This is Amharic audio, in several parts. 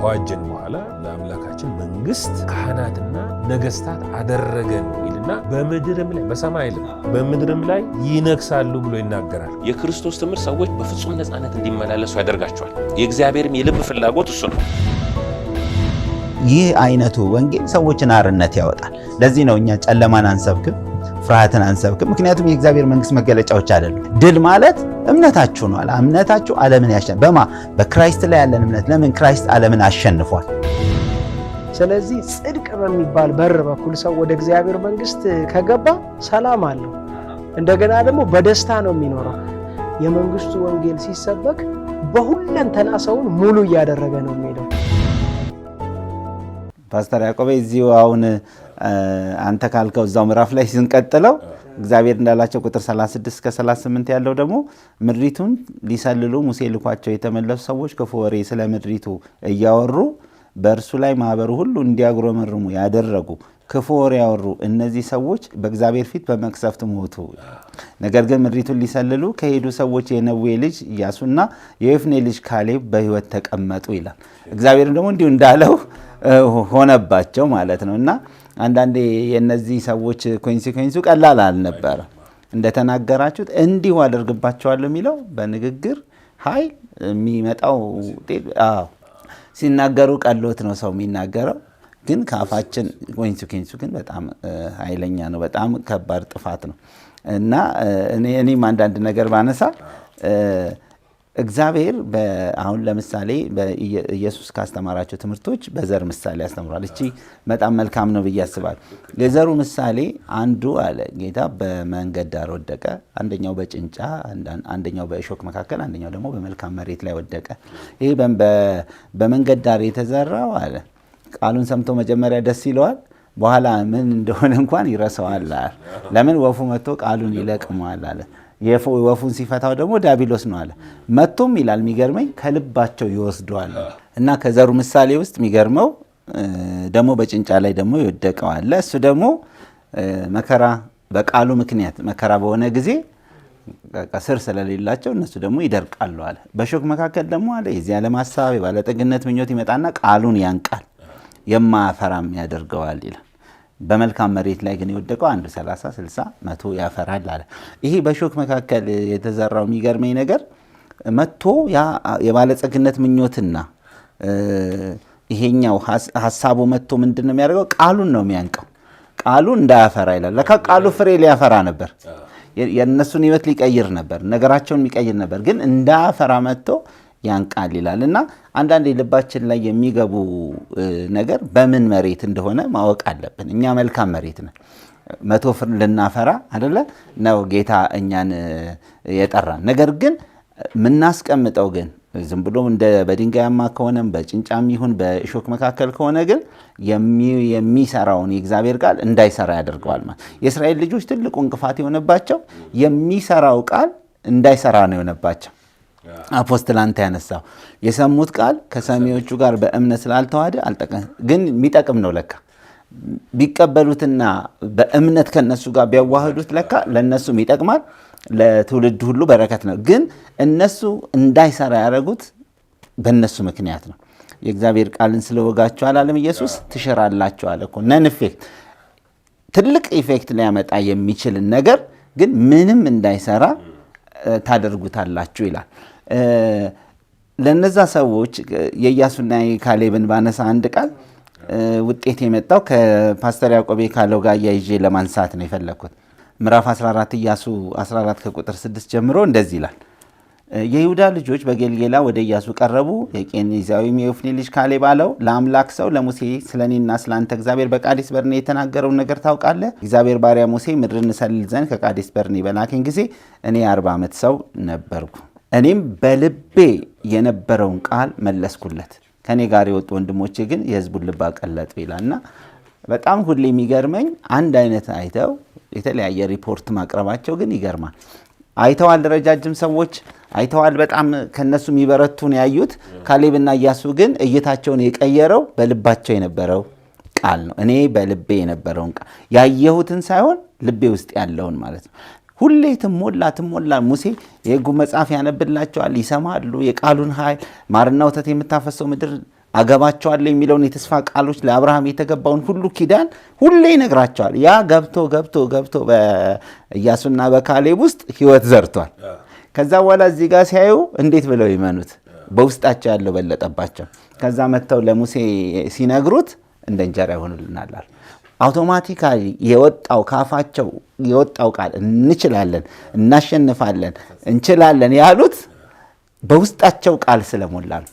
ከዋጀን በኋላ ለአምላካችን መንግስት ካህናትና ነገስታት አደረገን ይልና በምድርም ላይ በሰማይ ላይ በምድርም ላይ ይነግሳሉ ብሎ ይናገራል። የክርስቶስ ትምህርት ሰዎች በፍጹም ነፃነት እንዲመላለሱ ያደርጋቸዋል። የእግዚአብሔርም የልብ ፍላጎት እሱ ነው። ይህ አይነቱ ወንጌል ሰዎችን አርነት ያወጣል። ለዚህ ነው እኛ ጨለማን አንሰብክም፣ ፍርሃትን አንሰብክም። ምክንያቱም የእግዚአብሔር መንግስት መገለጫዎች አይደሉም። ድል ማለት እምነታችሁ ነው እምነታችሁ ዓለምን ያሸንፍ በማ በክራይስት ላይ ያለን እምነት። ለምን ክራይስት ዓለምን አሸንፏል። ስለዚህ ጽድቅ በሚባል በር በኩል ሰው ወደ እግዚአብሔር መንግስት ከገባ ሰላም አለው። እንደገና ደግሞ በደስታ ነው የሚኖረው። የመንግስቱ ወንጌል ሲሰበክ በሁለንተና ሰውን ሙሉ እያደረገ ነው የሚሄደው። ፓስተር ያቆበ እዚሁ አሁን አንተ ካልከው እዛው ምዕራፍ ላይ ስንቀጥለው እግዚአብሔር እንዳላቸው ቁጥር 36 እስከ 38 ያለው ደግሞ ምድሪቱን ሊሰልሉ ሙሴ ልኳቸው የተመለሱ ሰዎች ክፉ ወሬ ስለ ምድሪቱ እያወሩ በእርሱ ላይ ማህበሩ ሁሉ እንዲያጉረመርሙ ያደረጉ ክፉ ወሬ ያወሩ እነዚህ ሰዎች በእግዚአብሔር ፊት በመቅሰፍት ሞቱ። ነገር ግን ምድሪቱን ሊሰልሉ ከሄዱ ሰዎች የነዌ ልጅ ኢያሱና የወፍኔ ልጅ ካሌብ በሕይወት ተቀመጡ ይላል። እግዚአብሔርም ደግሞ እንዲሁ እንዳለው ሆነባቸው ማለት ነው እና አንዳንዴ የእነዚህ ሰዎች ኮንሲኮንሱ ቀላል አልነበረ። እንደተናገራችሁት እንዲሁ አደርግባቸዋለሁ የሚለው በንግግር ኃይል የሚመጣው ውጤት ሲናገሩ ቀሎት ነው ሰው የሚናገረው። ግን ከአፋችን ኮንሲኮንሱ ግን በጣም ኃይለኛ ነው። በጣም ከባድ ጥፋት ነው እና እኔም አንዳንድ ነገር ባነሳ እግዚአብሔር አሁን ለምሳሌ ኢየሱስ ካስተማራቸው ትምህርቶች በዘር ምሳሌ ያስተምሯል። እቺ በጣም መልካም ነው ብዬ አስባል። የዘሩ ምሳሌ አንዱ አለ ጌታ በመንገድ ዳር ወደቀ፣ አንደኛው በጭንጫ አንደኛው በእሾክ መካከል፣ አንደኛው ደግሞ በመልካም መሬት ላይ ወደቀ። ይህ በመንገድ ዳር የተዘራው አለ ቃሉን ሰምቶ መጀመሪያ ደስ ይለዋል በኋላ ምን እንደሆነ እንኳን ይረሰዋል። ለምን ወፉ መጥቶ ቃሉን ይለቅመዋል አለ። ወፉን ሲፈታው ደግሞ ዲያብሎስ ነው አለ። መቶም ይላል የሚገርመኝ ከልባቸው ይወስደዋል እና ከዘሩ ምሳሌ ውስጥ የሚገርመው ደግሞ በጭንጫ ላይ ደግሞ ይወደቀው አለ። እሱ ደግሞ መከራ በቃሉ ምክንያት መከራ በሆነ ጊዜ ስር ስለሌላቸው እነሱ ደግሞ ይደርቃሉ አለ። በሾክ መካከል ደግሞ አለ የዚህ ዓለም ሀሳብ የባለጠግነት ምኞት ይመጣና ቃሉን ያንቃል፣ የማያፈራም ያደርገዋል ይላል። በመልካም መሬት ላይ ግን የወደቀው አንድ 30 60 መቶ ያፈራል አለ። ይሄ በሾክ መካከል የተዘራው የሚገርመኝ ነገር መቶ ያ የባለጸግነት ምኞትና ይሄኛው ሀሳቡ መቶ ምንድን ነው የሚያደርገው? ቃሉን ነው የሚያንቀው። ቃሉ እንዳያፈራ ይላል። ለካ ቃሉ ፍሬ ሊያፈራ ነበር፣ የእነሱን ህይወት ሊቀይር ነበር፣ ነገራቸውን የሚቀይር ነበር። ግን እንዳያፈራ መጥቶ ያንቃል ይላል እና አንዳንድ ልባችን ላይ የሚገቡ ነገር በምን መሬት እንደሆነ ማወቅ አለብን። እኛ መልካም መሬት ነን። መቶ ፍር ልናፈራ አደለ ነው ጌታ እኛን የጠራን። ነገር ግን የምናስቀምጠው ግን ዝም ብሎ እንደ በድንጋያማ ከሆነም በጭንጫም ይሁን በእሾክ መካከል ከሆነ ግን የሚሰራውን የእግዚአብሔር ቃል እንዳይሰራ ያደርገዋል። ማለት የእስራኤል ልጆች ትልቁ እንቅፋት የሆነባቸው የሚሰራው ቃል እንዳይሰራ ነው የሆነባቸው። አፖስትላንታ ያነሳው የሰሙት ቃል ከሰሚዎቹ ጋር በእምነት ስላልተዋደ ግን የሚጠቅም ነው ለካ ቢቀበሉትና በእምነት ከነሱ ጋር ቢያዋህዱት ለካ ለእነሱም ይጠቅማል፣ ለትውልድ ሁሉ በረከት ነው። ግን እነሱ እንዳይሰራ ያደረጉት በእነሱ ምክንያት ነው። የእግዚአብሔር ቃልን ስለወጋቸው አላለም ኢየሱስ ትሽራላቸው አለ እኮ ነን ኢፌክት ትልቅ ኢፌክት ሊያመጣ የሚችልን ነገር ግን ምንም እንዳይሰራ ታደርጉታላችሁ ይላል። ለነዛ ሰዎች የኢያሱና ካሌብን ባነሳ አንድ ቃል ውጤት የመጣው ከፓስተር ያዕቆቤ ካለው ጋር አያይዤ ለማንሳት ነው የፈለግኩት። ምዕራፍ 14 ኢያሱ 14 ከቁጥር 6 ጀምሮ እንደዚህ ይላል። የይሁዳ ልጆች በጌልጌላ ወደ ኢያሱ ቀረቡ። የቄኔዛዊም የዮፍኔ ልጅ ካሌብ አለው፣ ለአምላክ ሰው ለሙሴ ስለ እኔና ስለ አንተ እግዚአብሔር በቃዴስ በርኔ የተናገረውን ነገር ታውቃለህ። እግዚአብሔር ባሪያ ሙሴ ምድርን እሰልል ዘንድ ከቃዴስ በርኔ በላከኝ ጊዜ እኔ የአርባ ዓመት ሰው ነበርኩ። እኔም በልቤ የነበረውን ቃል መለስኩለት፣ ከኔ ጋር የወጡ ወንድሞቼ ግን የህዝቡን ልብ አቀለጡ ይላልና በጣም ሁሌ የሚገርመኝ አንድ አይነት አይተው የተለያየ ሪፖርት ማቅረባቸው ግን ይገርማል። አይተዋል፣ ረጃጅም ሰዎች አይተዋል። በጣም ከነሱ የሚበረቱን ያዩት ካሌብና እያሱ ግን እይታቸውን የቀየረው በልባቸው የነበረው ቃል ነው። እኔ በልቤ የነበረውን ቃል ያየሁትን ሳይሆን ልቤ ውስጥ ያለውን ማለት ነው። ሁሌ ትሞላ ትሞላ። ሙሴ የህጉ መጽሐፍ ያነብላቸዋል፣ ይሰማሉ። የቃሉን ኃይል ማርና ወተት የምታፈሰው ምድር አገባቸዋለሁ የሚለውን የተስፋ ቃሎች ለአብርሃም የተገባውን ሁሉ ኪዳን ሁሌ ይነግራቸዋል። ያ ገብቶ ገብቶ ገብቶ በኢያሱና በካሌብ ውስጥ ህይወት ዘርቷል። ከዛ በኋላ እዚህ ጋር ሲያዩ እንዴት ብለው ይመኑት? በውስጣቸው ያለው በለጠባቸው። ከዛ መጥተው ለሙሴ ሲነግሩት እንደ እንጀራ ይሆኑልናል። አውቶማቲካሊ የወጣው ካፋቸው የወጣው ቃል እንችላለን፣ እናሸንፋለን፣ እንችላለን ያሉት በውስጣቸው ቃል ስለሞላ ነው።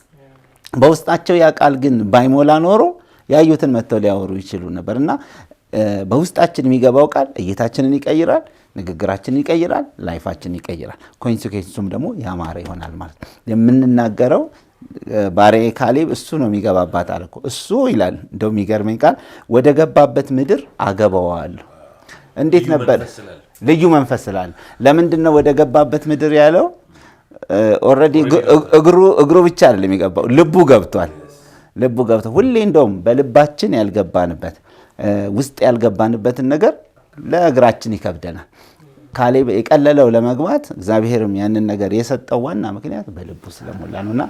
በውስጣቸው ያ ቃል ግን ባይሞላ ኖሮ ያዩትን መጥተው ሊያወሩ ይችሉ ነበር እና በውስጣችን የሚገባው ቃል እይታችንን ይቀይራል፣ ንግግራችንን ይቀይራል፣ ላይፋችንን ይቀይራል። ኮንሲኬንሱም ደግሞ ያማረ ይሆናል ማለት ነው የምንናገረው ባሬ ካሌብ እሱ ነው የሚገባባት አለ እኮ እሱ ይላል። እንደው የሚገርመኝ ቃል ወደ ገባበት ምድር አገባዋለሁ። እንዴት ነበር? ልዩ መንፈስ ስላለ። ለምንድን ነው ወደ ገባበት ምድር ያለው? ኦልሬዲ እግሩ ብቻ አይደለም የሚገባው፣ ልቡ ገብቷል። ልቡ ገብቷል። ሁሌ እንደውም በልባችን ያልገባንበት ውስጥ ያልገባንበትን ነገር ለእግራችን ይከብደናል። ካሌብ የቀለለው ለመግባት እግዚአብሔርም ያንን ነገር የሰጠው ዋና ምክንያት በልቡ ስለሞላ ነው እና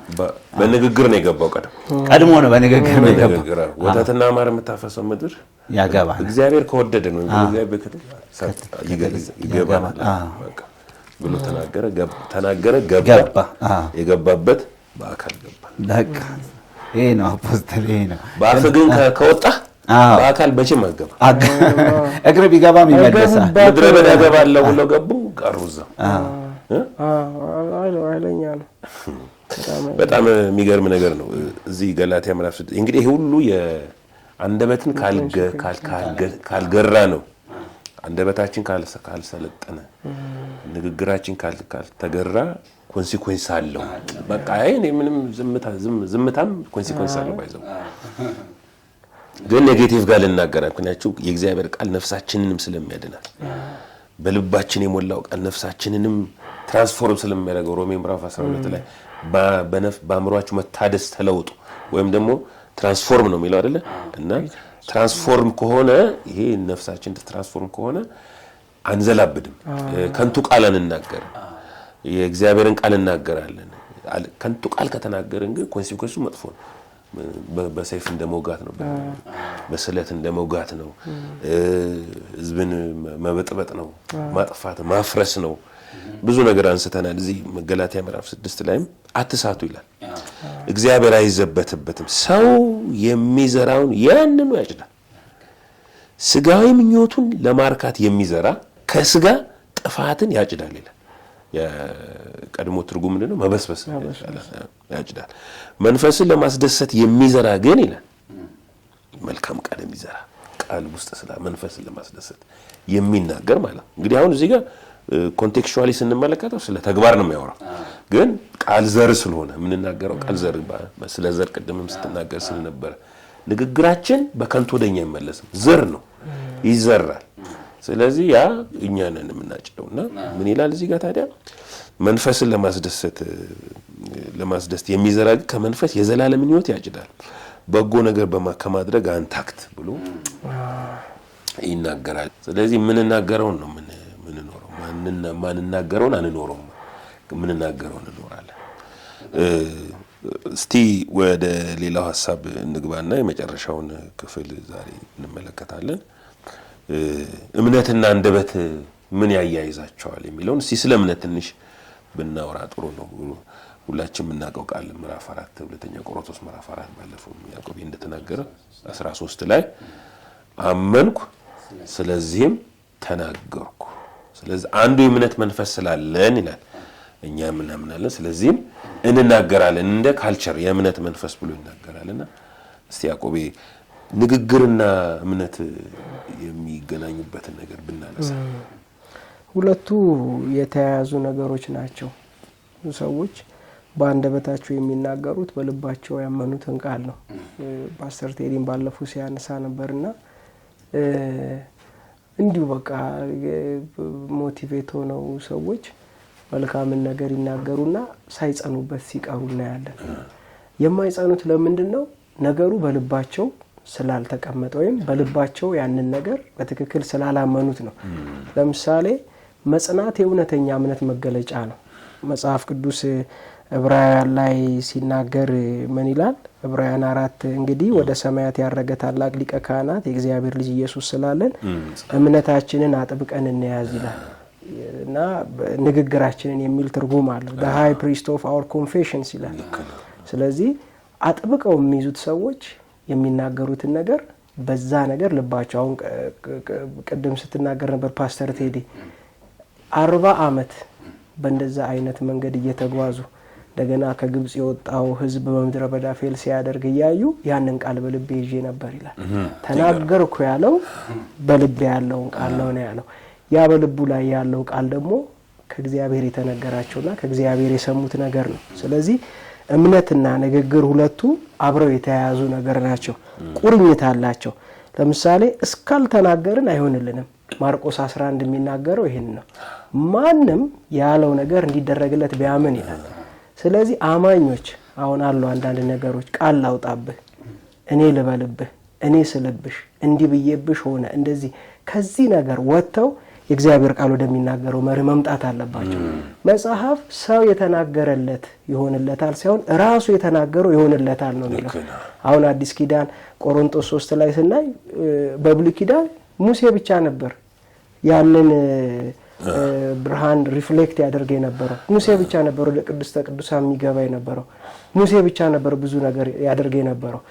በንግግር ነው የገባው። ቀድሞ ቀድሞ ነው በንግግር ነው የገባው። ወተትና ማር የምታፈሰው ምድር ያገባል። እግዚአብሔር ከወደደ ነው ይገባል ብሎ ተናገረ። ተናገረ ገባ። የገባበት በአካል ገባ። ይሄ ነው አፖስተል፣ ይሄ ነው በአፍ ግን ከወጣ በአካል መቼም አገባ እግር ቢገባም ይመለሳል። ምድረ በዳ እገባለሁ ብለው ገቡ ቀሩ እዛው። ነው። በጣም የሚገርም ነገር ነው። እዚህ ገላትያ ምዕራፍ እንግዲህ ይህ ሁሉ የአንደበትን ካልገራ ነው። አንደበታችን ካልሰለጠነ፣ ንግግራችን ካልተገራ ኮንሲኮንስ አለው። በቃ ምንም ዝምታም ኮንሲኮንስ አለው ባይዘው ግን ኔጌቲቭ ጋር ልናገራ ምክንያቱ የእግዚአብሔር ቃል ነፍሳችንንም ስለሚያድናል በልባችን የሞላው ቃል ነፍሳችንንም ትራንስፎርም ስለሚያደርገው ሮሜ ምዕራፍ 12 ላይ በአእምሯችሁ መታደስ ተለውጡ ወይም ደግሞ ትራንስፎርም ነው የሚለው አይደለ እና ትራንስፎርም ከሆነ ይሄ ነፍሳችን ትራንስፎርም ከሆነ አንዘላብድም። ከንቱ ቃል አንናገር የእግዚአብሔርን ቃል እናገራለን። ከንቱ ቃል ከተናገርን ግን ኮንሲኮንሱ መጥፎ ነው። በሰይፍ እንደመውጋት ነው፣ በስለት እንደመውጋት ነው፣ ህዝብን መበጥበጥ ነው፣ ማጥፋት ማፍረስ ነው። ብዙ ነገር አንስተናል። እዚህ ገላትያ ምዕራፍ ስድስት ላይም አትሳቱ ይላል። እግዚአብሔር አይዘበትበትም። ሰው የሚዘራውን ያንኑ ያጭዳል። ስጋዊ ምኞቱን ለማርካት የሚዘራ ከስጋ ጥፋትን ያጭዳል ይላል። የቀድሞ ትርጉም ምንድን ነው? መበስበስ ያጭዳል። መንፈስን ለማስደሰት የሚዘራ ግን ይላል መልካም ቃል የሚዘራ ቃል ውስጥ ስላ መንፈስን ለማስደሰት የሚናገር ማለት ነው። እንግዲህ አሁን እዚህ ጋር ኮንቴክስቹዋሊ ስንመለከተው ስለ ተግባር ነው የሚያወራው፣ ግን ቃል ዘር ስለሆነ የምንናገረው ቃል ዘር ስለ ዘር ቅድምም ስትናገር ስለነበረ ንግግራችን በከንቱ ወደኛ አይመለስም። ዘር ነው ይዘራል ስለዚህ ያ እኛ ነን የምናጭደው እና ምን ይላል እዚህ ጋር ታዲያ መንፈስን ለማስደሰት ለማስደሰት የሚዘራግ ከመንፈስ የዘላለምን ህይወት ያጭዳል በጎ ነገር ከማድረግ አንታክት ብሎ ይናገራል። ስለዚህ የምንናገረውን ነው ምንኖረው፣ ማንናገረውን አንኖረውም፣ የምንናገረው እንኖራለን። እስቲ ወደ ሌላው ሀሳብ እንግባና የመጨረሻውን ክፍል ዛሬ እንመለከታለን። እምነትና አንደበት ምን ያያይዛቸዋል የሚለውን እስቲ ስለ እምነት ትንሽ ብናወራ ጥሩ ነው። ሁላችን የምናውቀው ቃል ምዕራፍ አራት ሁለተኛ ቆሮንቶስ ምዕራፍ አራት ባለፈው ያዕቆብ እንደተናገረ 13 ላይ አመንኩ ስለዚህም ተናገርኩ። ስለዚህ አንዱ የእምነት መንፈስ ስላለን ይላል እኛ እናምናለን ስለዚህም እንናገራለን። እንደ ካልቸር የእምነት መንፈስ ብሎ ይናገራልና እስቲ ያዕቆቤ ንግግርና እምነት የሚገናኙበትን ነገር ብናነሳ ሁለቱ የተያያዙ ነገሮች ናቸው። ሰዎች በአንደበታቸው የሚናገሩት በልባቸው ያመኑትን ቃል ነው። ፓስተር ቴዲን ባለፉ ሲያነሳ ነበርና እንዲሁ በቃ ሞቲቬት ሆነው ሰዎች መልካምን ነገር ይናገሩና ሳይጸኑበት ሲቀሩ እናያለን። የማይጸኑት ለምንድን ነው? ነገሩ በልባቸው ስላልተቀመጠ ወይም በልባቸው ያንን ነገር በትክክል ስላላመኑት ነው። ለምሳሌ መጽናት የእውነተኛ እምነት መገለጫ ነው። መጽሐፍ ቅዱስ ዕብራውያን ላይ ሲናገር ምን ይላል? ዕብራውያን አራት እንግዲህ ወደ ሰማያት ያረገ ታላቅ ሊቀ ካህናት የእግዚአብሔር ልጅ ኢየሱስ ስላለን እምነታችንን አጥብቀን እንያዝ ይላል እና ንግግራችንን የሚል ትርጉም አለው። ሃይ ፕሪስት ኦፍ አወር ኮንፌሽንስ ይላል። ስለዚህ አጥብቀው የሚይዙት ሰዎች የሚናገሩትን ነገር በዛ ነገር ልባቸው አሁን ቅድም ስትናገር ነበር ፓስተር ቴዲ አርባ አመት በእንደዛ አይነት መንገድ እየተጓዙ እንደገና ከግብጽ የወጣው ህዝብ በምድረ በዳ ፌል ሲያደርግ እያዩ ያንን ቃል በልቤ ይዤ ነበር ይላል። ተናገርኩ ያለው በልቤ ያለውን ቃል ነው ያለው። ያ በልቡ ላይ ያለው ቃል ደግሞ ከእግዚአብሔር የተነገራቸውና ከእግዚአብሔር የሰሙት ነገር ነው። ስለዚህ እምነትና ንግግር ሁለቱ አብረው የተያያዙ ነገር ናቸው፣ ቁርኝት አላቸው። ለምሳሌ እስካልተናገርን አይሆንልንም። ማርቆስ 11 የሚናገረው ይህን ነው። ማንም ያለው ነገር እንዲደረግለት ቢያምን ይላል። ስለዚህ አማኞች አሁን አሉ አንዳንድ ነገሮች ቃል ላውጣብህ፣ እኔ ልበልብህ፣ እኔ ስልብሽ፣ እንዲህ ብዬብሽ ሆነ እንደዚህ ከዚህ ነገር ወጥተው የእግዚአብሔር ቃል ወደሚናገረው መሪ መምጣት አለባቸው። መጽሐፍ ሰው የተናገረለት ይሆንለታል ሳይሆን ራሱ የተናገረው ይሆንለታል ነው የሚለው። አሁን አዲስ ኪዳን ቆሮንቶስ ሶስት ላይ ስናይ በብሉ ኪዳን ሙሴ ብቻ ነበር ያንን ብርሃን ሪፍሌክት ያደርገ የነበረው ሙሴ ብቻ ነበር። ወደ ቅድስተ ቅዱሳ የሚገባ የነበረው ሙሴ ብቻ ነበር። ብዙ ነገር ያደርገ የነበረው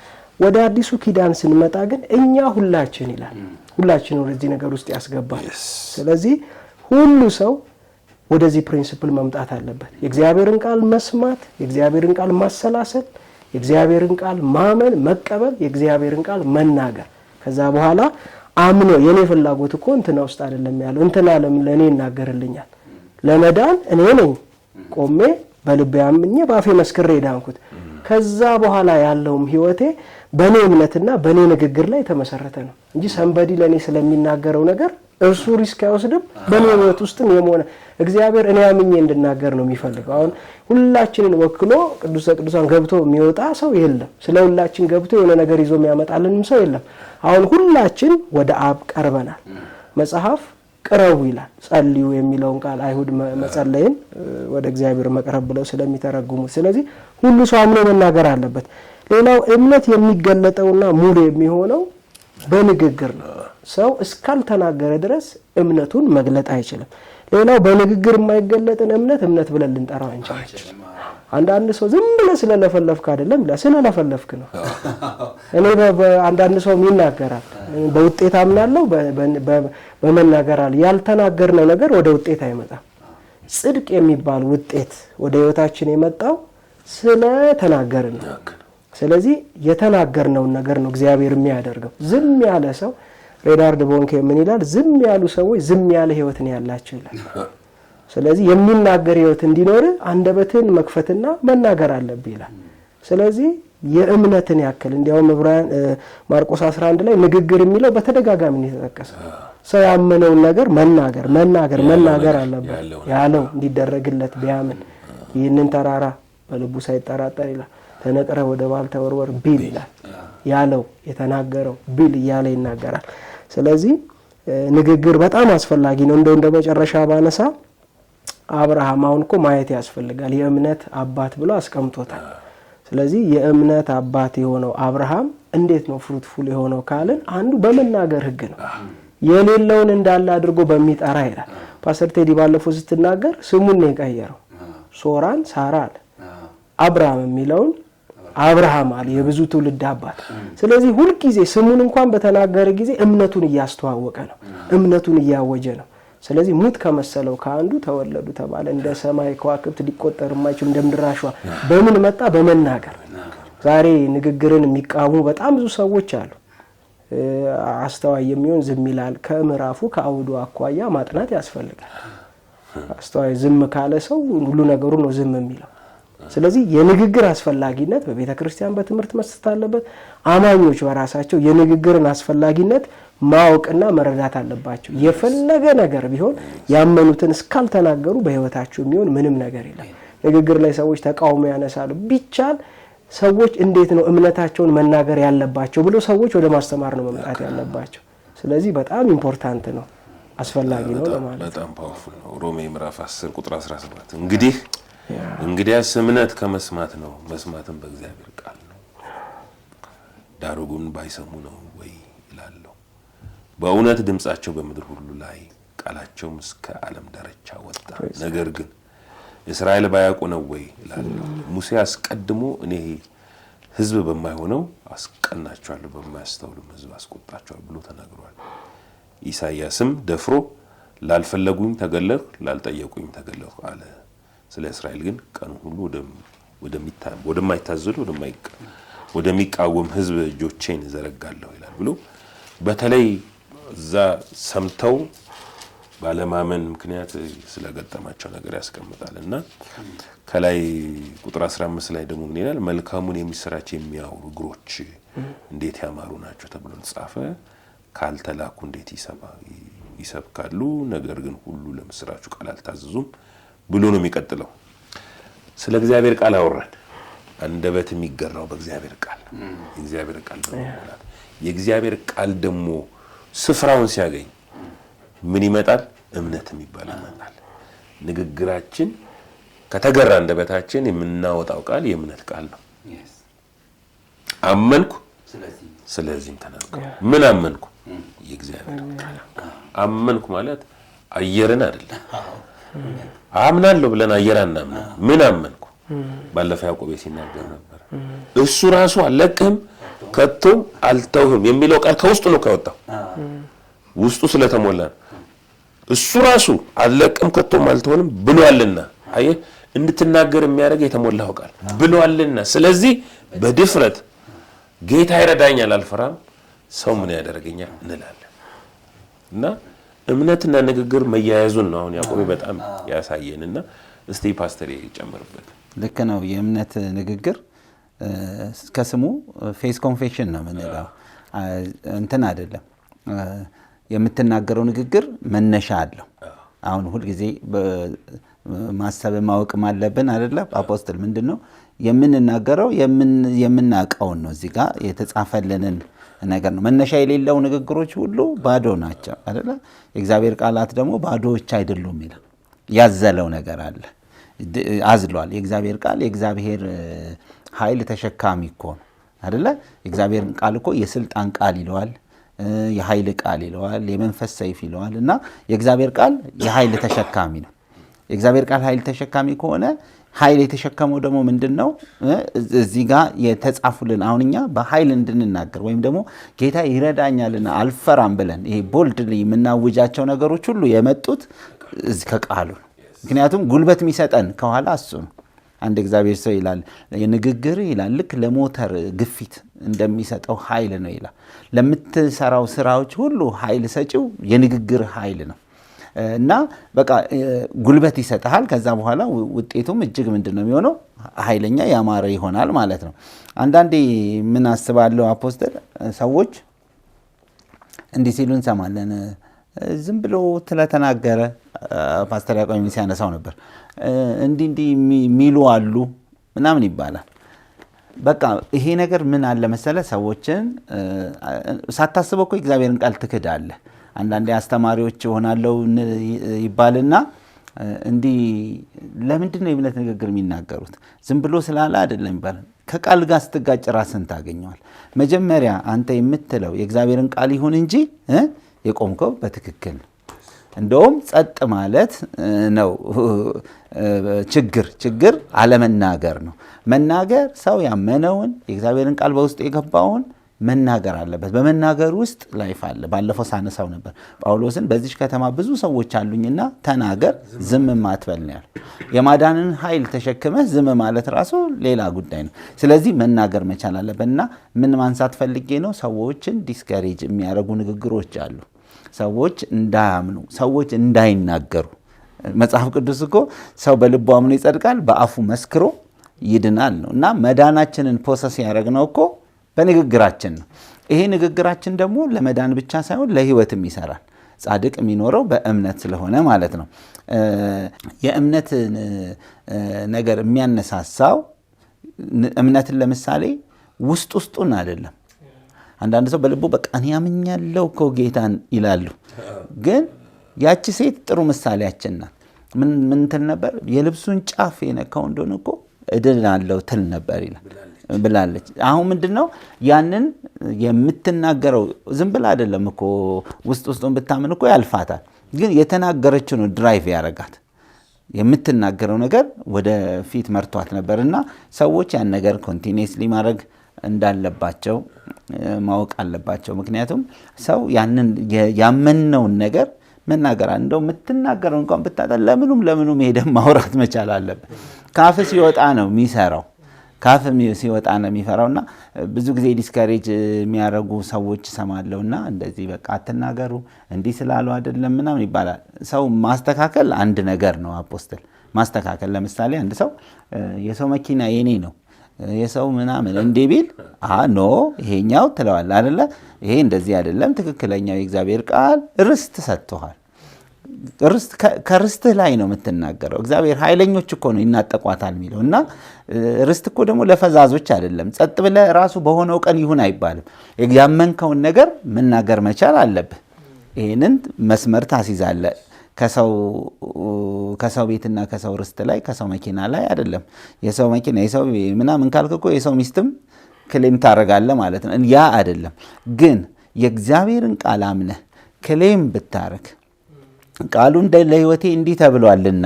ወደ አዲሱ ኪዳን ስንመጣ ግን እኛ ሁላችን ይላል ሁላችን ወደዚህ ነገር ውስጥ ያስገባል። ስለዚህ ሁሉ ሰው ወደዚህ ፕሪንስፕል መምጣት አለበት። የእግዚአብሔርን ቃል መስማት፣ የእግዚአብሔርን ቃል ማሰላሰል፣ የእግዚአብሔርን ቃል ማመን መቀበል፣ የእግዚአብሔርን ቃል መናገር ከዛ በኋላ አምኖ የኔ ፍላጎት እኮ እንትና ውስጥ አይደለም ያለው እንትና ለምን ለእኔ ይናገርልኛል? ለመዳን እኔ ነኝ ቆሜ በልቤ አምኜ በአፌ መስክር ሄዳንኩት ከዛ በኋላ ያለውም ህይወቴ በእኔ እምነትና በእኔ ንግግር ላይ የተመሰረተ ነው እንጂ ሰንበዲ ለእኔ ስለሚናገረው ነገር እርሱ ሪስክ አይወስድም። በእኔ እምነት ውስጥም የመሆነ እግዚአብሔር እኔ አምኜ እንድናገር ነው የሚፈልገው። አሁን ሁላችንን ወክሎ ቅዱሰ ቅዱሳን ገብቶ የሚወጣ ሰው የለም። ስለ ሁላችን ገብቶ የሆነ ነገር ይዞ የሚያመጣልንም ሰው የለም። አሁን ሁላችን ወደ አብ ቀርበናል። መጽሐፍ ቅረቡ ይላል። ጸልዩ የሚለውን ቃል አይሁድ መጸለይን ወደ እግዚአብሔር መቅረብ ብለው ስለሚተረጉሙት፣ ስለዚህ ሁሉ ሰው አምኖ መናገር አለበት። ሌላው እምነት የሚገለጠውና ሙሉ የሚሆነው በንግግር ነው። ሰው እስካልተናገረ ድረስ እምነቱን መግለጥ አይችልም። ሌላው በንግግር የማይገለጥን እምነት እምነት ብለን ልንጠራው አንችላችን። አንዳንድ ሰው ዝም ብለህ ስለለፈለፍክ አይደለም ስለለፈለፍክ ነው። እኔ አንዳንድ ሰውም ይናገራል። በውጤት አምናለሁ በመናገር ያልተናገርነው ነገር ወደ ውጤት አይመጣም። ጽድቅ የሚባል ውጤት ወደ ህይወታችን የመጣው ስለተናገርን ነው። ስለዚህ የተናገርነውን ነገር ነው እግዚአብሔር የሚያደርገው። ዝም ያለ ሰው ሬናርድ ቦንኬ ምን ይላል? ዝም ያሉ ሰዎች ዝም ያለ ህይወት ነው ያላቸው ይላል። ስለዚህ የሚናገር ህይወት እንዲኖር አንደበትን መክፈትና መናገር አለብህ ይላል። ስለዚህ የእምነትን ያክል እንዲያውም ዕብራውያን ማርቆስ 11 ላይ ንግግር የሚለው በተደጋጋሚ ነው የተጠቀሰ። ሰው ያመነውን ነገር መናገር መናገር መናገር አለበት ያለው እንዲደረግለት ቢያምን ይህንን ተራራ በልቡ ሳይጠራጠር ይላል ተነቅረ ወደ ባል ተወርወር ቢል ይላል ያለው የተናገረው ቢል እያለ ይናገራል። ስለዚህ ንግግር በጣም አስፈላጊ ነው። እንደው እንደ መጨረሻ ባነሳ አብርሃም አሁን እኮ ማየት ያስፈልጋል። የእምነት አባት ብሎ አስቀምጦታል። ስለዚህ የእምነት አባት የሆነው አብርሃም እንዴት ነው ፍሩትፉል የሆነው ካልን አንዱ በመናገር ህግ ነው። የሌለውን እንዳለ አድርጎ በሚጠራ ይላል። ፓስተር ቴዲ ባለፈው ስትናገር ስሙን ነው የቀየረው። ሶራን ሳራ አለ፣ አብርሃም የሚለውን አብርሃም አለ፣ የብዙ ትውልድ አባት። ስለዚህ ሁልጊዜ ስሙን እንኳን በተናገረ ጊዜ እምነቱን እያስተዋወቀ ነው፣ እምነቱን እያወጀ ነው። ስለዚህ ሙት ከመሰለው ከአንዱ ተወለዱ ተባለ። እንደ ሰማይ ከዋክብት ሊቆጠር የማይችሉ እንደ ምድር አሸዋ በምን መጣ? በመናገር። ዛሬ ንግግርን የሚቃወሙ በጣም ብዙ ሰዎች አሉ። አስተዋይ የሚሆን ዝም ይላል። ከምዕራፉ ከአውዱ አኳያ ማጥናት ያስፈልጋል። አስተዋይ ዝም ካለ ሰው ሁሉ ነገሩ ነው ዝም የሚለው። ስለዚህ የንግግር አስፈላጊነት በቤተ ክርስቲያን በትምህርት መስጠት አለበት። አማኞች በራሳቸው የንግግርን አስፈላጊነት ማወቅና መረዳት አለባቸው። የፈለገ ነገር ቢሆን ያመኑትን እስካልተናገሩ በህይወታቸው የሚሆን ምንም ነገር የለም። ንግግር ላይ ሰዎች ተቃውሞ ያነሳሉ። ቢቻል ሰዎች እንዴት ነው እምነታቸውን መናገር ያለባቸው ብሎ ሰዎች ወደ ማስተማር ነው መምጣት ያለባቸው። ስለዚህ በጣም ኢምፖርታንት ነው፣ አስፈላጊ ነው ለማለት በጣም ፓወርፉል ነው። ሮሜ ምዕራፍ 10 ቁጥር 17 እንግዲህ እንግዲያስ እምነት ከመስማት ነው፣ መስማትም በእግዚአብሔር ቃል ዳሩ ግን ባይሰሙ ነው ወይ ይላለሁ። በእውነት ድምጻቸው በምድር ሁሉ ላይ ቃላቸውም እስከ ዓለም ዳርቻ ወጣ። ነገር ግን እስራኤል ባያውቁ ነው ወይ እላለሁ። ሙሴ አስቀድሞ እኔ ሕዝብ በማይሆነው አስቀናቸዋለሁ፣ በማያስተውልም ሕዝብ አስቆጣቸዋል ብሎ ተናግሯል። ኢሳይያስም ደፍሮ ላልፈለጉኝ ተገለጥኩ፣ ላልጠየቁኝ ተገለጥኩ አለ። ስለ እስራኤል ግን ቀኑ ሁሉ ወደማይታዘዱ ወደማይቀ ወደሚቃወም ህዝብ እጆቼን እዘረጋለሁ ይላል ብሎ በተለይ እዛ ሰምተው ባለማመን ምክንያት ስለገጠማቸው ነገር ያስቀምጣል እና ከላይ ቁጥር 15 ላይ ደግሞ ምን ይላል? መልካሙን የምስራች የሚያወሩ እግሮች እንዴት ያማሩ ናቸው ተብሎ ተጻፈ። ካልተላኩ እንዴት ይሰብካሉ? ነገር ግን ሁሉ ለምስራቹ ቃል አልታዘዙም ብሎ ነው የሚቀጥለው። ስለ እግዚአብሔር ቃል አወራን። አንደበት የሚገራው በእግዚአብሔር ቃል የእግዚአብሔር ቃል የእግዚአብሔር ቃል ደግሞ ስፍራውን ሲያገኝ ምን ይመጣል? እምነት የሚባል ይመጣል። ንግግራችን ከተገራ አንደበታችን የምናወጣው ቃል የእምነት ቃል ነው። አመንኩ፣ ስለዚህም ተናገርኩ። ምን አመንኩ? የእግዚአብሔር አመንኩ ማለት አየርን አይደለም። አምናለሁ ብለን አየር አናምና ምን አመንኩ ባለፈ ያዕቆቤ ሲናገር ነበር። እሱ ራሱ አለቅህም ከቶም አልተውህም የሚለው ቃል ከውስጡ ነው ከወጣው ውስጡ ስለተሞላ ነው። እሱ ራሱ አለቅም ከቶም አልተውንም ብሏልና፣ አየህ እንድትናገር የሚያደርግ የተሞላው ቃል ብሏልና። ስለዚህ በድፍረት ጌታ ይረዳኛል አልፈራም፣ ሰው ምን ያደርገኛል እንላለን እና እምነትና ንግግር መያያዙን ነው አሁን ያዕቆቤ በጣም ያሳየንና እስቲ ፓስተር ይጨምርበት። ልክ ነው። የእምነት ንግግር ከስሙ ፌስ ኮንፌሽን ነው ምንለው እንትን አይደለም የምትናገረው ንግግር መነሻ አለው። አሁን ሁልጊዜ ማሰብ ማወቅም አለብን አይደለም። አፖስትል ምንድን ነው የምንናገረው? የምናውቀውን ነው። እዚህ ጋር የተጻፈልንን ነገር ነው። መነሻ የሌለው ንግግሮች ሁሉ ባዶ ናቸው አይደለ? የእግዚአብሔር ቃላት ደግሞ ባዶዎች አይደሉም ይላል። ያዘለው ነገር አለ አዝሏል። የእግዚአብሔር ቃል የእግዚአብሔር ኃይል ተሸካሚ እኮ ነው አደለ? የእግዚአብሔርን ቃል እኮ የስልጣን ቃል ይለዋል፣ የኃይል ቃል ይለዋል፣ የመንፈስ ሰይፍ ይለዋል። እና የእግዚአብሔር ቃል የኃይል ተሸካሚ ነው። የእግዚአብሔር ቃል ኃይል ተሸካሚ ከሆነ ኃይል የተሸከመው ደግሞ ምንድን ነው? እዚህ ጋር የተጻፉልን አሁን እኛ በኃይል እንድንናገር ወይም ደግሞ ጌታ ይረዳኛልና አልፈራም ብለን ይሄ ቦልድ የምናውጃቸው ነገሮች ሁሉ የመጡት ከቃሉ ምክንያቱም ጉልበት የሚሰጠን ከኋላ እሱ ነው። አንድ እግዚአብሔር ሰው ይላል ንግግር ይላል ልክ ለሞተር ግፊት እንደሚሰጠው ኃይል ነው ይላል። ለምትሰራው ስራዎች ሁሉ ኃይል ሰጪው የንግግር ኃይል ነው እና በቃ ጉልበት ይሰጠሃል። ከዛ በኋላ ውጤቱም እጅግ ምንድን ነው የሚሆነው? ኃይለኛ ያማረ ይሆናል ማለት ነው። አንዳንዴ ምን አስባለሁ አፖስተል ሰዎች እንዲህ ሲሉ እንሰማለን ዝም ብሎ ስለተናገረ ፓስተር ያቆሚ ሲያነሳው ነበር እንዲህ እንዲህ የሚሉ አሉ ምናምን ይባላል። በቃ ይሄ ነገር ምን አለ መሰለ፣ ሰዎችን ሳታስበው እኮ እግዚአብሔርን ቃል አለ አንዳንዴ አስተማሪዎች ሆናለው ይባልና እንዲህ ለምንድን ነው የእምነት ንግግር የሚናገሩት? ዝም ብሎ ስላለ አይደለም ይባላል። ከቃል ጋር ስትጋጭ ራስን ታገኘዋል። መጀመሪያ አንተ የምትለው የእግዚአብሔርን ቃል ይሁን እንጂ የቆምከው በትክክል ነው። እንደውም ጸጥ ማለት ነው ችግር ችግር አለመናገር ነው። መናገር ሰው ያመነውን የእግዚአብሔርን ቃል በውስጥ የገባውን መናገር አለበት። በመናገር ውስጥ ላይፍ አለ። ባለፈው ሳነሳው ነበር ጳውሎስን በዚች ከተማ ብዙ ሰዎች አሉኝና ተናገር፣ ዝም ማትበል የማዳንን ኃይል ተሸክመህ ዝም ማለት ራሱ ሌላ ጉዳይ ነው። ስለዚህ መናገር መቻል አለበት እና ምን ማንሳት ፈልጌ ነው ሰዎችን ዲስከሬጅ የሚያደርጉ ንግግሮች አሉ ሰዎች እንዳያምኑ፣ ሰዎች እንዳይናገሩ። መጽሐፍ ቅዱስ እኮ ሰው በልቡ አምኖ ይጸድቃል፣ በአፉ መስክሮ ይድናል ነው እና መዳናችንን ፖሰስ ያደረግነው እኮ በንግግራችን ነው። ይሄ ንግግራችን ደግሞ ለመዳን ብቻ ሳይሆን ለሕይወትም ይሰራል። ጻድቅ የሚኖረው በእምነት ስለሆነ ማለት ነው። የእምነት ነገር የሚያነሳሳው እምነትን ለምሳሌ ውስጥ ውስጡን አይደለም አንዳንድ ሰው በልቡ በቃ እኔ ያምኛለሁ እኮ ጌታን ይላሉ። ግን ያቺ ሴት ጥሩ ምሳሌያችን ናት። ምን ትል ነበር? የልብሱን ጫፍ የነካው እንደሆነ እኮ እድናለሁ ትል ነበር ይላል ብላለች። አሁን ምንድን ነው ያንን የምትናገረው? ዝም ብላ አይደለም እኮ ውስጥ ውስጡን ብታምን እኮ ያልፋታል። ግን የተናገረችው ነው ድራይቭ ያረጋት የምትናገረው ነገር ወደፊት መርቷት ነበር እና ሰዎች ያን ነገር ኮንቲኒስሊ ማድረግ እንዳለባቸው ማወቅ አለባቸው። ምክንያቱም ሰው ያንን ያመንነውን ነገር መናገር እንደው የምትናገረው እንኳን ብታጠ ለምኑም ለምኑም ሄደ ማውራት መቻል አለብን። ካፍ ሲወጣ ነው የሚሰራው ካፍ ሲወጣ ነው የሚፈራው። እና ብዙ ጊዜ ዲስካሬጅ የሚያደርጉ ሰዎች ሰማለሁ። እና እንደዚህ በቃ አትናገሩ እንዲህ ስላሉ አይደለም ምናምን ይባላል። ሰው ማስተካከል አንድ ነገር ነው። አፖስትል ማስተካከል ለምሳሌ አንድ ሰው የሰው መኪና የኔ ነው የሰው ምናምን እንዴ ቢል ኖ ይሄኛው ትለዋል አደለ? ይሄ እንደዚህ አይደለም፣ ትክክለኛው የእግዚአብሔር ቃል ርስት ሰጥቶሃል። ከርስትህ ላይ ነው የምትናገረው። እግዚአብሔር ኃይለኞች እኮ ነው ይናጠቋታል የሚለው እና ርስት እኮ ደግሞ ለፈዛዞች አይደለም። ጸጥ ብለህ ራሱ በሆነው ቀን ይሁን አይባልም። ያመንከውን ነገር መናገር መቻል አለብህ። ይህንን መስመር ታስይዛለህ። ከሰው ቤትና ከሰው ርስት ላይ ከሰው መኪና ላይ አይደለም። የሰው መኪና የሰው ምናምን ካልክ እኮ የሰው ሚስትም ክሌም ታደርጋለህ ማለት ነው። ያ አይደለም ግን የእግዚአብሔርን ቃል አምነህ ክሌም ብታረግ ቃሉ ለህይወቴ እንዲህ ተብሏልና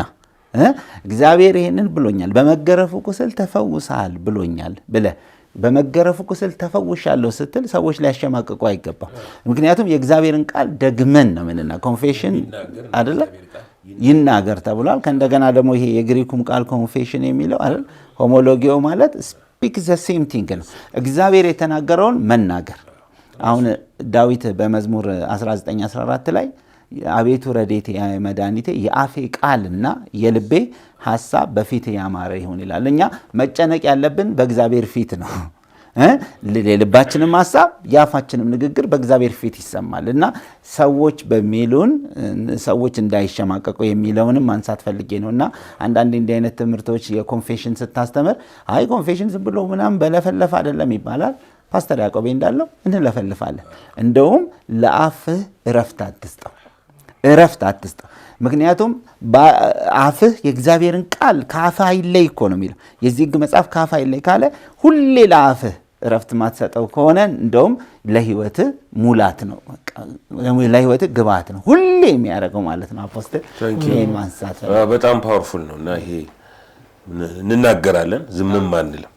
እግዚአብሔር ይህንን ብሎኛል፣ በመገረፉ ቁስል ተፈውሰሃል ብሎኛል ብለህ በመገረፉ ቁስል ተፈውሻለሁ ስትል ሰዎች ሊያሸማቅቁ አይገባም። ምክንያቱም የእግዚአብሔርን ቃል ደግመን ነው ምንና ኮንፌሽን አደለ ይናገር ተብሏል። ከእንደገና ደግሞ ይሄ የግሪኩም ቃል ኮንፌሽን የሚለው አይደል ሆሞሎጊዮ ማለት ስፒክ ዘ ሴም ቲንግ ነው። እግዚአብሔር የተናገረውን መናገር አሁን ዳዊት በመዝሙር 1914 ላይ አቤቱ ረዴቴ መድኃኒቴ የአፌ ቃልና የልቤ ሀሳብ በፊት ያማረ ይሁን ይላል። እኛ መጨነቅ ያለብን በእግዚአብሔር ፊት ነው። የልባችንም ሀሳብ የአፋችንም ንግግር በእግዚአብሔር ፊት ይሰማል እና ሰዎች በሚሉን ሰዎች እንዳይሸማቀቁ የሚለውንም ማንሳት ፈልጌ ነው። እና አንዳንድ እንዲህ አይነት ትምህርቶች የኮንፌሽን ስታስተምር አይ ኮንፌሽን ዝም ብሎ ምናምን በለፈለፈ አይደለም ይባላል። ፓስተር ያዕቆቤ እንዳለው እንለፈልፋለን። እንደውም ለአፍህ እረፍት አትስጠው እረፍት አትስጥ። ምክንያቱም አፍህ የእግዚአብሔርን ቃል ከአፍህ አይለይ እኮ ነው የሚለው የዚህ ህግ መጽሐፍ ከአፍህ አይለይ ካለ ሁሌ ለአፍህ እረፍት ማትሰጠው ከሆነ እንደውም ለህይወትህ ሙላት ነው፣ ለህይወትህ ግብዓት ነው። ሁሌ የሚያደርገው ማለት ነው። አፖስትል ማንሳት በጣም ፓወርፉል ነው እና ይሄ እንናገራለን፣ ዝምም አንልም፣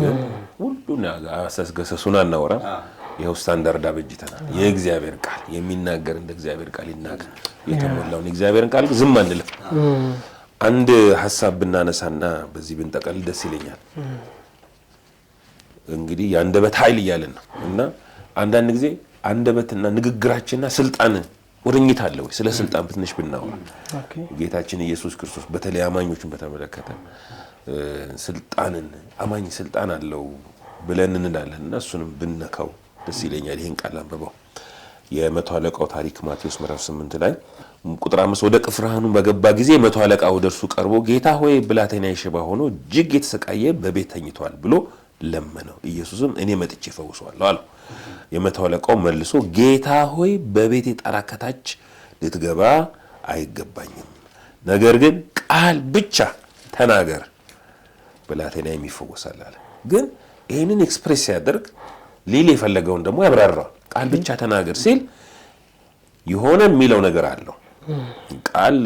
ግን ሁሉን አሳስገሰሱን አናወራም ይኸው ስታንዳርድ አበጅተናል። የእግዚአብሔር ቃል የሚናገር እንደ እግዚአብሔር ቃል ይናገር። የተሞላውን የእግዚአብሔርን ቃል ዝም አንልም። አንድ ሀሳብ ብናነሳና በዚህ ብንጠቀል ደስ ይለኛል። እንግዲህ የአንደበት ኃይል እያለን ነው እና አንዳንድ ጊዜ አንደበትና ንግግራችንና ስልጣን ቁርኝት አለ ወይ? ስለ ስልጣን ትንሽ ብናወራ ጌታችን ኢየሱስ ክርስቶስ በተለይ አማኞችን በተመለከተ ስልጣንን አማኝ ስልጣን አለው ብለን እንላለን እና እሱንም ብነካው ደስ ይለኛል። ይህን ቃል አንብበው የመቶ አለቃው ታሪክ ማቴዎስ ምዕራፍ ስምንት ላይ ቁጥር አምስት ወደ ቅፍርሃኑ በገባ ጊዜ መቶ አለቃ ወደ እርሱ ቀርቦ ጌታ ሆይ ብላቴና የሽባ ሆኖ እጅግ የተሰቃየ በቤት ተኝተዋል ብሎ ለመነው። ኢየሱስም እኔ መጥቼ ፈውሰዋለሁ አለው። የመቶ አለቃው መልሶ ጌታ ሆይ በቤት ጣራ ከታች ልትገባ አይገባኝም፣ ነገር ግን ቃል ብቻ ተናገር ብላቴና የሚፈወሳል አለ። ግን ይህንን ኤክስፕሬስ ሲያደርግ ሊል የፈለገውን ደግሞ ያብራራዋል። ቃል ብቻ ተናገር ሲል የሆነ የሚለው ነገር አለው። ቃል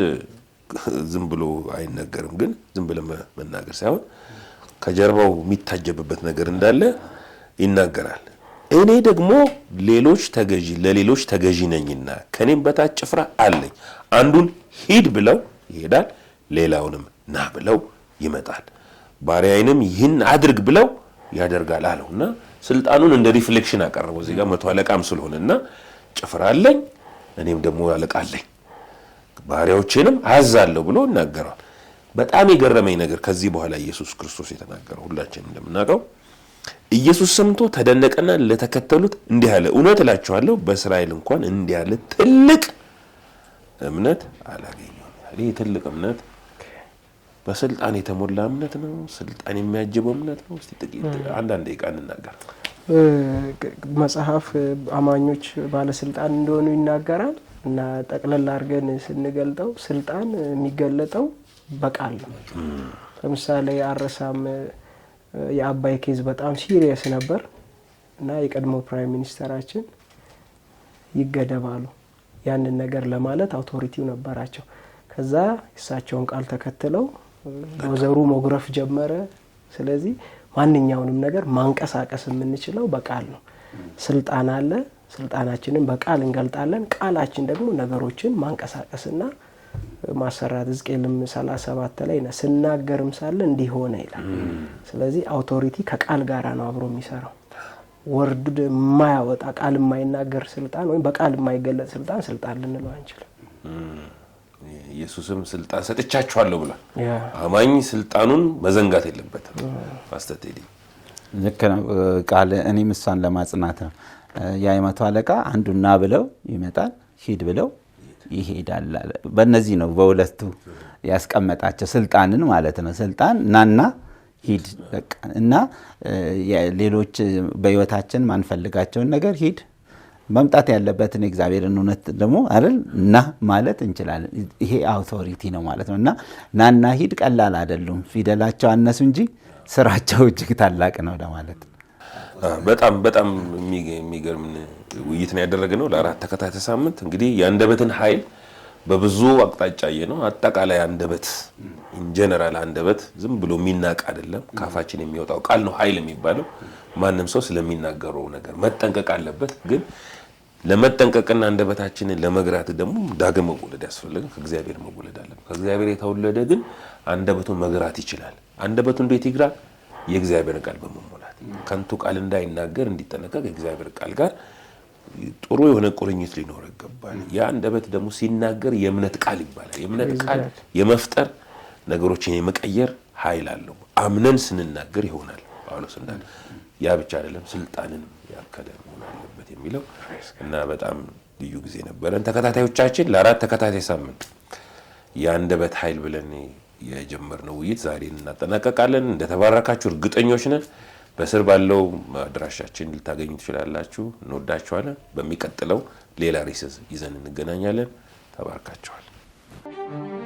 ዝም ብሎ አይነገርም፣ ግን ዝም ብሎ መናገር ሳይሆን ከጀርባው የሚታጀብበት ነገር እንዳለ ይናገራል። እኔ ደግሞ ሌሎች ተገዢ ለሌሎች ተገዢ ነኝና ከኔም በታች ጭፍራ አለኝ። አንዱን ሂድ ብለው ይሄዳል፣ ሌላውንም ና ብለው ይመጣል። ባሪያዬንም ይህን አድርግ ብለው ያደርጋል አለው እና ስልጣኑን እንደ ሪፍሌክሽን አቀረበው። እዚህ ጋር መቶ አለቃም ስለሆነና ጭፍራ አለኝ እኔም ደግሞ አለቃ አለኝ ባሪያዎቼንም አያዛለሁ ብሎ ይናገራል። በጣም የገረመኝ ነገር ከዚህ በኋላ ኢየሱስ ክርስቶስ የተናገረው ሁላችን እንደምናውቀው ኢየሱስ ሰምቶ ተደነቀና ለተከተሉት እንዲህ አለ፣ እውነት እላችኋለሁ በእስራኤል እንኳን እንዲህ ያለ ትልቅ እምነት አላገኘሁም። ይህ ትልቅ እምነት በስልጣን የተሞላ እምነት ነው። ስልጣን የሚያጅበው እምነት ነው። እስቲ ጥቂት አንዳንድ ደቂቃ እንናገር። መጽሐፍ አማኞች ባለስልጣን እንደሆኑ ይናገራል እና ጠቅለል አድርገን ስንገልጠው ስልጣን የሚገለጠው በቃል ነው። ለምሳሌ አረሳም የአባይ ኬዝ በጣም ሲሪየስ ነበር እና የቀድሞ ፕራይም ሚኒስተራችን ይገደባሉ ያንን ነገር ለማለት አውቶሪቲው ነበራቸው። ከዛ የእሳቸውን ቃል ተከትለው ዶዘሩ መጉረፍ ጀመረ። ስለዚህ ማንኛውንም ነገር ማንቀሳቀስ የምንችለው በቃል ነው። ስልጣን አለ። ስልጣናችንን በቃል እንገልጣለን። ቃላችን ደግሞ ነገሮችን ማንቀሳቀስና ማሰራት ሕዝቅኤልም ሰላሳ ላይ ስናገርም ሳለ እንዲሆነ ይላል። ስለዚህ አውቶሪቲ ከቃል ጋር ነው አብሮ የሚሰራው። ወርድ የማያወጣ ቃል የማይናገር ስልጣን ወይም በቃል የማይገለጥ ስልጣን ስልጣን ልንለው አንችልም። ኢየሱስም ስልጣን ሰጥቻችኋለሁ ብሏል። አማኝ ስልጣኑን መዘንጋት የለበትም። ማስተት ልክ ነው ቃል እኔ እሷን ለማጽናት ነው። የሃይማኖቱ አለቃ አንዱ ና ብለው ይመጣል፣ ሂድ ብለው ይሄዳል። በእነዚህ ነው በሁለቱ ያስቀመጣቸው ስልጣንን ማለት ነው። ስልጣን ናና ሂድ እና ሌሎች በህይወታችን ማንፈልጋቸውን ነገር ሂድ መምጣት ያለበትን የእግዚአብሔርን እውነት ደግሞ አይደል ና ማለት እንችላለን። ይሄ አውቶሪቲ ነው ማለት ነው። እና ናና ሂድ ቀላል አይደሉም። ፊደላቸው አነሱ እንጂ ስራቸው እጅግ ታላቅ ነው ለማለት በጣም በጣም የሚገርም ውይይት ነው ያደረግነው ለአራት ተከታታይ ሳምንት። እንግዲህ የአንደበትን ኃይል በብዙ አቅጣጫ ነው። አጠቃላይ አንደበት ኢንጀነራል አንደበት ዝም ብሎ የሚናቅ አይደለም። ካፋችን የሚወጣው ቃል ነው ኃይል የሚባለው። ማንም ሰው ስለሚናገረው ነገር መጠንቀቅ አለበት ግን ለመጠንቀቅና አንደበታችንን ለመግራት ደግሞ ዳግም መወለድ ያስፈልግም። ከእግዚአብሔር መወለድ አለብን። ከእግዚአብሔር የተወለደ ግን አንደበቱን መግራት ይችላል። አንደበቱ እንዴት ይግራ? የእግዚአብሔር ቃል በመሞላት ከንቱ ቃል እንዳይናገር እንዲጠነቀቅ የእግዚአብሔር ቃል ጋር ጥሩ የሆነ ቁርኝት ሊኖር ይገባል። ያ አንደበት ደግሞ ሲናገር የእምነት ቃል ይባላል። የእምነት ቃል የመፍጠር ነገሮችን የመቀየር ኃይል አለው። አምነን ስንናገር ይሆናል። ጳውሎስ እንዳለ ያ ብቻ አይደለም፣ ስልጣንንም ያከለ መሆን አለበት የሚለው እና በጣም ልዩ ጊዜ ነበረን። ተከታታዮቻችን ለአራት ተከታታይ ሳምንት የአንደበት ኃይል ብለን የጀመርነው ውይይት ዛሬ እናጠናቀቃለን። እንደተባረካችሁ እርግጠኞች ነን። በስር ባለው አድራሻችን ልታገኙ ትችላላችሁ። እንወዳችኋለን። በሚቀጥለው ሌላ ሪስስ ይዘን እንገናኛለን። ተባርካችኋል።